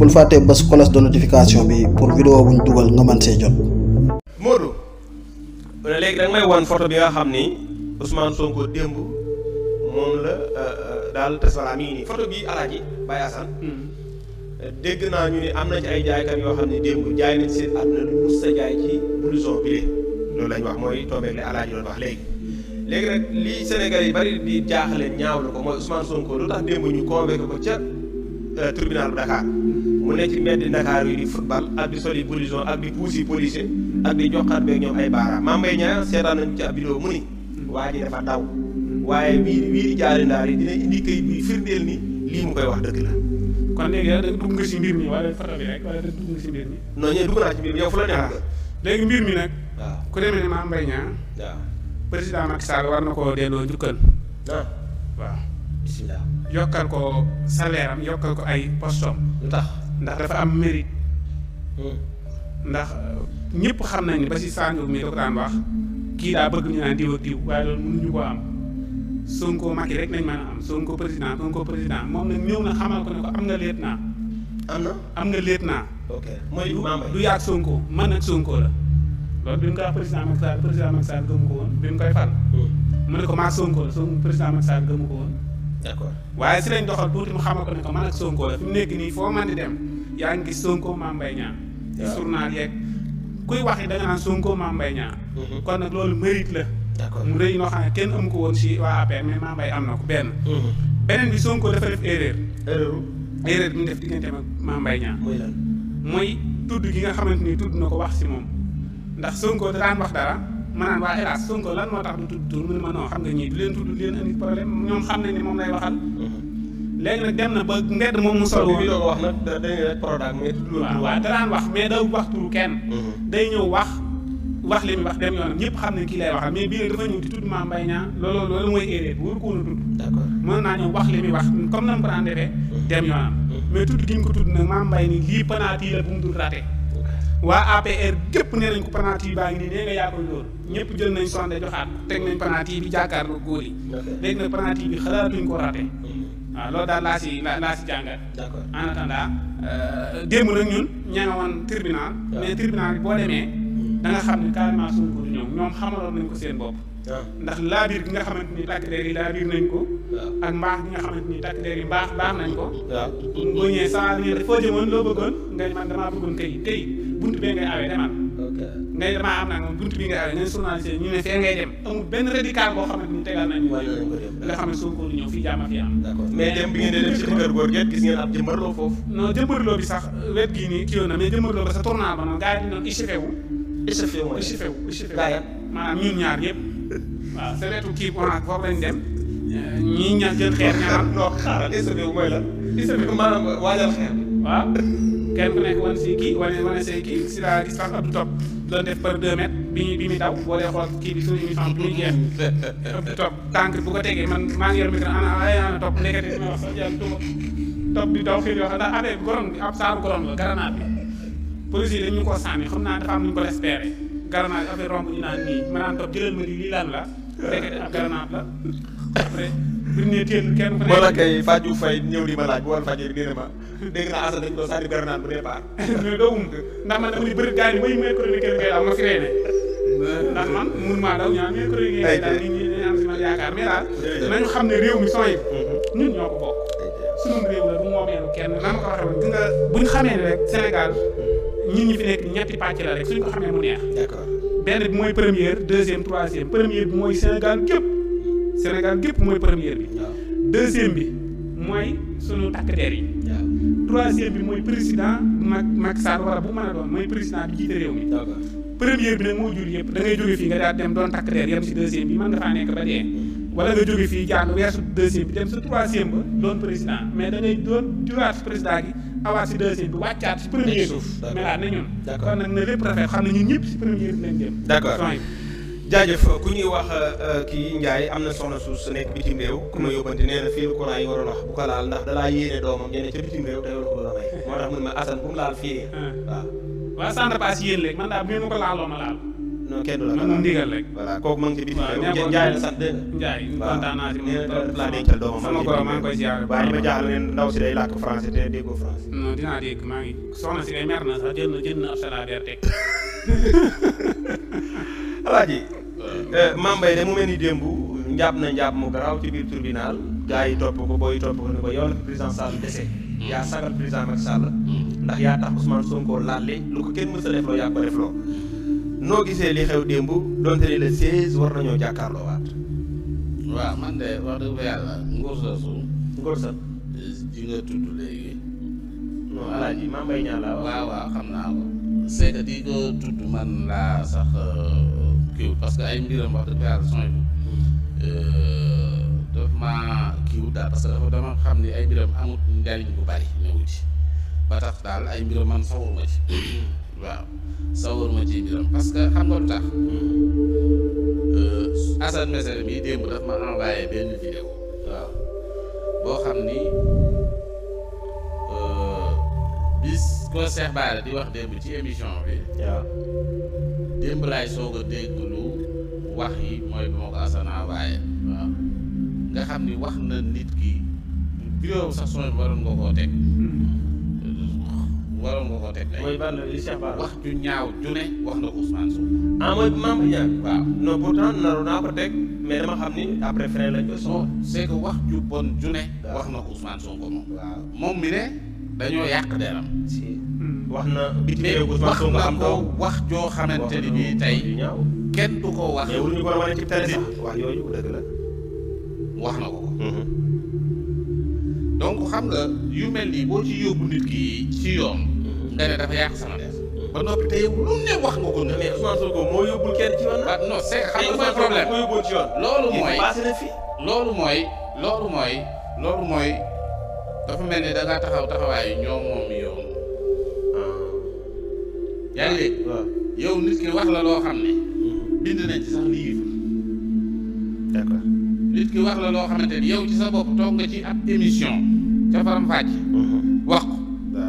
bul fàttee bés cloche de notification bi pour vidéo buñ dugal nga mën see jot. Modou léegi da nga may bi nga xam ni Sonko démb la euh, euh, daal tasala mi hmm. dégg naa ñu ne am na ci ay jaaykat yoo xam ne démb jaay nañ seen àdduna du mus sa jaay ci blouson bi loolu lañ wax mooy tombeeg li Alaaji doon wax léegi. léegi nag li Sénégal yi bari di jaaxle ñaawlu ko mooy Ousmane Sonko lu tax démb ñu convoqué ko ca. Euh, tribunal bu Dakar mu ne ci mbedd Dakar yi di football ak di soli pollution ak di puusi policier ak di joxaat beeg ñoom ay baaraam Mame Mbaye Niang seetaan nañu ci ab mu ni waa ji dafa daw waaye wii wii jaari yi dina indi kayit bi ni lii mu koy wax dëgg la kon léegi da dugg mi dugg nga si mbir mi non ñee dugg ci mbir mi yow fu la neex ah, léegi mbir mi nag waaw ku demee ne Mame Mbaye président Macky Sall war na koo delloo njukkal ah. waaw bisimilah yokkal ko saleeram yokkal ko ay postom lu tax ndax dafa am mérite hmm. ndax euh, ñëpp xam nañ ni ba si Sango mi da ko daan wax kii daa bëgg ñu naan diw ak diw waaye loolu mënuñu koo am Sonko Macky rek nañ mën a am Sonko président Sonko président moom nag ñëw na xamal ko ne am nga leet naa am am nga leet naa mooy du yàgg Sonko man ak Sonko la loolu bi mu ko wax président Macky Sall président Macky Sall gëmu ko woon bi mu koy fal hmm. mu ne ko maa Sonko la Sonko président Macky Sall gëmu ko woon d'accord waaye si lañ doxal tuuti mu xamal ko ne ko man ak sonkoo la fi mu nekk nii foo man di dem yaa ngi gis Sonko Mame Mbaye Niang ci journal kuy wax da nga naan Sonko Mame Mbaye Niang mhm. kon nag loolu mérite la d'accord mu rëy noo xam ne kenn amu ko woon si waa APR mais Mame Mbaye am na ko benn mhm. beneen bi Sonko dafa def erreur erreur erreur def digganteem ak Mame Mbaye mooy lan mooy tudd gi nga xamante ni tudd na ko wax si moom ndax Sonko da daan wax dara ma naan ah. waa hélas Sonko lan moo tax bu tudd tur mu ne ma tudd du problème ñoom xam nañ moom lay waxal. Mhm. léegi nag dem na ba mbedd moom mu sol woon doon wax nag da dañuy rek Prodac mais mhm. day ñëw wax wax li muy wax dem xam ne kii lay waxal mais bii dafa ñëw di a tudd. d'accord mën naa ñëw wax li muy wax comme na mu ko daan mhm. lii penalty bu mu dul raté. waa APR gépp ne nañ ko penalty baa ngi nii nee nga yaa koy dóor ñëpp jël nañ sonde joxaat teg nañ penalty bi jàkkaarloo góor yi. léegi nag penalty bi xalaatuñ ko raté. Mm. waaw loolu daal laa si laa si jàngat. d'accord en attendant euh, démb nag ña nga woon tribunal. mais tribunal bi boo demee. Mm. da nga xam ne carrément suñu ko du ñoom ñoom xamaloon nañ ko seen bopp. ndax laabiir bi nga xamante ni takk yi laabiir nañ ko. ak mbaax gi nga xamante ni takk yi mbaax baax nañ ko. waaw bu ñëwee saa li nga def foo jëmoon loo bëggoon nga man damaa bëggoon buntu bee ngay awee demal ngay damaa am naa moom buntu bi ngay awee ñooy journaliste ñu ne fee ngay dem amul benn radical boo xamante ni tegal nañu nga xam ne soo ko ñëw fii jàmm fi am mais dem bi ngeen di dem ci kër góor gi gis ngeen ab jëmbarloo foofu non jëmbarloo bi sax wet gii nii kii na mais jëmbarloo ba sa tournant ba noonu gars yi di noonu échauffé wu échauffé wu échauffé wu échauffé wu maanaam ñun ñaar ñëpp waaw sa wetu kii bonaak foofu lañ dem ñii ña jël xeer ñaar ndox xaaral échauffé wu mooy lan échauffé wu maanaam waajal xeer waaw kenn ku nekk wane si kii wane wane see kii si la distance ab du topp doon def par deux mètres bi muy daw boo xool kii bi suñu émission bi muy génn ab topp tànk bu ko tegee man maa ngi yor micro ana ay ana topp nekkati ma wax sax yàlla bi gorom bi ab saaru gorom la garanaat bi police dañu ko sànni xam naa dafa am ñu ko espéré garanaat bi affaire romb ñu naan nii ma naan topp jëlal ma di lii lan la nekkati ab garanaat la après bir ne téen kenn ku nekk moo la kay Fatou Faye ñëw di ma laaj bu wàllu fajee nee na ma dégg naa asa dañ ko sànni bere naan bu départ mais doo wum ndax man dama ni bëri gars yi may may chroniqueur ngay daal ma fi reene ndax man mun maa daw ñaan may chroniqueur ngay daal nit ñi dañu am si man yaakaar mais daal nañu xam ne réew mi son yi mhm. ñun ñoo ko bokk suñu réew la du moomeelu kenn naa ma ko waxee woon gis nga buñ xamee ne rek Sénégal ñun ñi fi nekk ñetti pàcc la rek suñ ko xamee mu neex benn bi mooy première deuxième troisième première bi mooy Sénégal gépp Sénégal gépp mooy première bi. deuxième bi mooy sunu takk der yi. troisième bi mooy président Mack Macky Sall wala bu mën a doon mooy président bi jiite réew mi. première bi nag moo jur yëpp da jóge fii nga daal dem doon takk der yem si deuxième bi mën nga faa nekk ba dee. wala nga jóge fii jàll weesu deuxième bi dem sa troisième ba doon président mais da ngay doon juraat si président gi awaat si deuxième bi wàccaat si première suuf nag na lépp ñëpp si jaajëf ku ñuy wax euh, euh, kii Ndiaye am na soxna suus nekk bitim réew ku ma yóbbante nee na fii lu courant yi waroon wax bu ko laal ndax dalaa yéene doomam ñene ca bitim réew a moo tax mun ma asan bu mu laal fii ah. waaw waaw centre pass yéen léegi man daal bu ngeen ko laaloon ma laal non kenn du la ko ndigal ma ngi la ne ndaw si day làkk français te déggoo français dinaa dégg maa ngi soxna si day mer na sax jël na na ab salaire teg alaaji Euh, mambay de mu mel ni démb njàpp na njàpp mu garaaw ci biir tribunal gars yi topp ko booy topp ko ne ko yow la fi président Sall dese hmm. yaa sagal président Macky Sall hmm. ndax yaa tax Ousmane Sonko laale lu ko kenn mës a defloo yaa ko defloo noo gisee li xew démb donte ni le 16 war nañoo jàkkaarloo waat waaw man de wax dëgg yàlla ngóor sa su ngóor sa di nga tudd léegi non alaaji maa mbay ñaa laa waaw waaw xam naa ko c'est di ko tudd man laa sax euh, parce que ay mbiram wax dëgg yàlla euh, daf maa kiiwut daal parce que dafa dama xam ne ay mbiram amut njariñ bu bari newu ci ba tax daal ay mbiram man sawuruma ci waaw sawuruma ci mbiram parce que xam nga tax euh, Assane Mesere mii démb daf ma envoyé benn vidéo waaw boo xam ni euh, bis ko Cheikh Bara di wax démb ci émission bi waaw démb laay soog a dégg lu wax yi mooy bi ma ko asanaa waaye nga xam ni wax na nit ki vidéo sax sooy waroon nga koo teg waroon nga koo teg wax ju ñaaw ju wax na ko lañ ko soo wax wax na ko Ousmane Sonko moom moom mi ne dañoo yàq deram wax na bitim réew Ousmane Sonko am doom wax joo xamante ni bii tey kenn du ko wax ñu ko wane ci wax na ko mhm. donc xam nga yu mel ni boo ci yóbbu nit ki ci yoon mhm. nga ne dafa yàq sama def ba noppi te yow lu ne wax nga ko ne mais Ousmane Sonko moo yóbbul kenn ci yoon ah, non c'est xam nga mooy problème moo yóbbul ci yoon loolu mooy passé na fi loolu loolu mooy dafa mel ni da taxaw taxawaayu ñoom moom yoon léeg-léeg yow nit ki wax la loo xam ne mm-hmm. bind nañ ci yow ci sa bopp toog nga ci ab émission ca faram mm-hmm. wax ko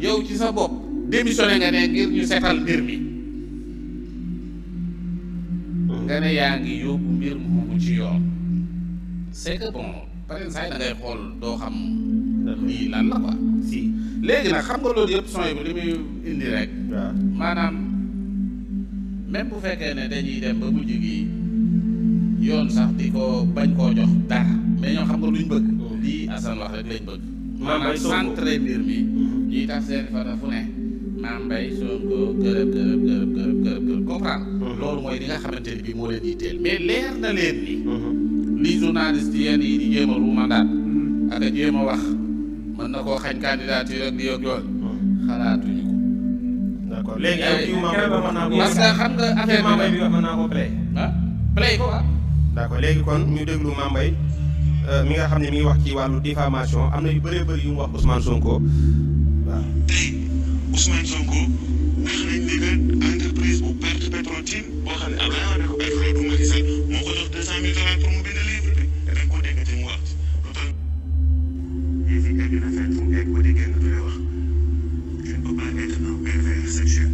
yow ci sa bopp démissionné nga ne ngir ñu seetal mbir mi mm-hmm. nga ne yaa ngi yóbbu mbir mu ci yoon c'est bon par exemple saa ngay xool doo xam lii lan léegi nag xam nga loolu yëpp son bi li muy indi rek maanaam même bu fekkee ne dañuy dem ba mujj gi yoon sax di ko bañ koo jox dara mais ñoo xam nga luñ bëgg oh. lii Assane wax rek lañ bëgg maanaam mm-hmm. maam mbay Sonko gërëb gërëb gërëb gërëb gërëb gërëb mm-hmm. loolu mooy li nga bi moo leen yitteel mais leer na leen ni mm-hmm. li journaliste yenn yi di jéem a ruumandaat ak a jéem wax mën na koo xañ candidature ak lii ak yooyu. Hmm. xalaatuñu ko. nga affaire ah, ah. léegi kon ñu déglu Mbaye euh, mi nga xam ne mi ngi wax ci wàllu diffamation am na yu bëree bëri yu mu wax Ousmane Sonko waaw. tey Ousmane Sonko wax nañ entreprise bu perte Petro-Tim boo xam ne Abdoulaye Wade ko Abdoulaye Wade moo ko jox deux cent mille pour mu Je ne peux pas être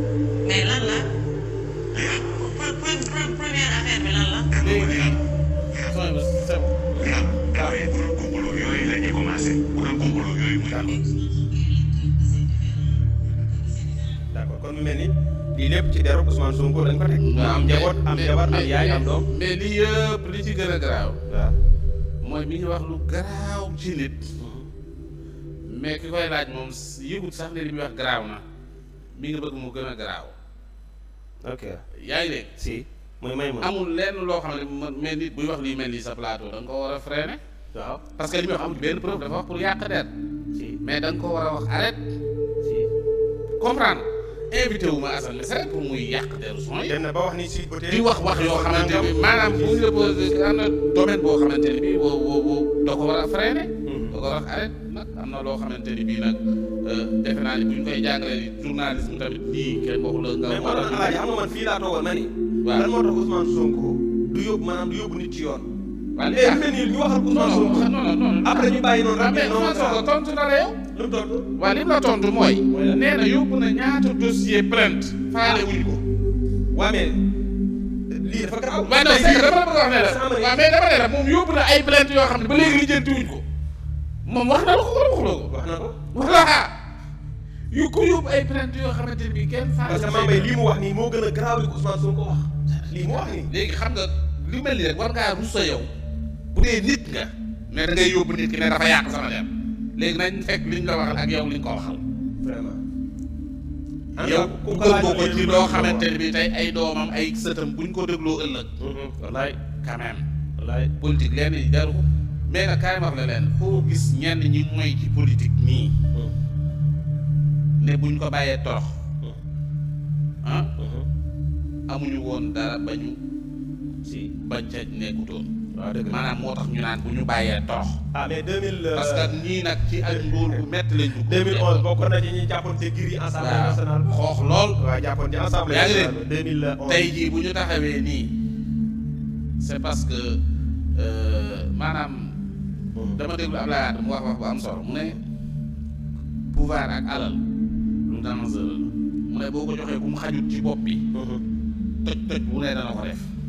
mu mel ni lii lépp ci deru Ousmane Sonko dañ ko teg. nga am njaboot am jabar am yaay am doom. mais li ci gën a garaaw. mi ngi wax lu garaaw ci nit. mais ki koy laaj moom wax garaaw na mi gën a garaaw. ok si mooy may amul lenn loo xam ne mel nit buy wax lii mel nii sa plateau da ko war a freiner. waaw parce que li muy wax benn preuve dafa wax pour yàq der. si mais da nga ko war a wax arrête. si comprendre. invité wu ma Assane Seck pour muy yàq deru son yi. dem ba wax ni si di wax wax yoo xamante ni maanaam bu ñu la posé am na domaine boo xamante ni bii woo woo woo doo a freiné. Hmm. doo ko a nag am na loo xamante ni bii nag euh, defe naa ni bu ñu koy jàngalee ni journalisme tamit la nga. a mais man xam nga man fii laa toogoon ma ni. waaw ci yoon. waaw léegi eh, mais nii ñu waxal Ousmane Sonko. non non après ñu ko. waaw lii dafa gaaw. waaw non c'est que dama la a wax ne yoo xam ne ba léegi lijjanti wuñ ko. moom wax na la ko wala waxuloo ko. wax ay plainte yoo xamante ne bii kenn. faale parce que maa ngi lii mu wax nii moo gën a grave li Ousmane Sonko wax. lii mu wax nii léegi xam nga li mel ni rek war ngaa rusa yow bu dee nit nga mais da ngay yóbbu nit ki ne dafa yàq sama dem léegi nañ fekk liñ la waxal ak yow liñ ko waxal. vraiment. yow ku gëm ko ci loo xamante ne bii tey ay doomam ay sëtam buñ ko dégloo ëllëg. Mm-hmm. wallaay quand même. wallaay politique lenn yi jaru ko mais nag kaay wax la leen foo gis ñenn ñi mooy ci politique nii. Mm-hmm. ne buñ ko bàyyee torox. Mm-hmm. Ah? amuñu woon dara bañu si bañ ca nekkutoon. maanaam moo tax ñu naan bu ñu bàyyee toox. ah mais 2000. Euh, parce nag ci ay nguur bu métti lañ dugg. 2011 bokkoon na ci ñi jàppoon te giri assemblée nationale. waaw lool. waaw jàppoon ci assemblée nationale 2011 bu ñu taxawee nii c'est parce que euh, maanaam. Hmm. dama déglu Abdoulaye am solo mu ne boo ko joxee ku mu xajut ci bopp bi. Hmm. toj toj bu ne dana ko def.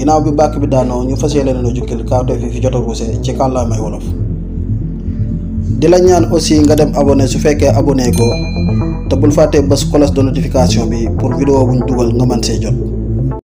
ginaaw bi bàkk bi daanoo ñu fas yéene na jukkil kaawteef yi fi jot a ruuse ci kàllaamay wolof di la ñaan aussi nga dem abonné su fekkee abonné ko te bul fàtte bés cloche de notification bi pour vidéo buñ dugal nga mën see jot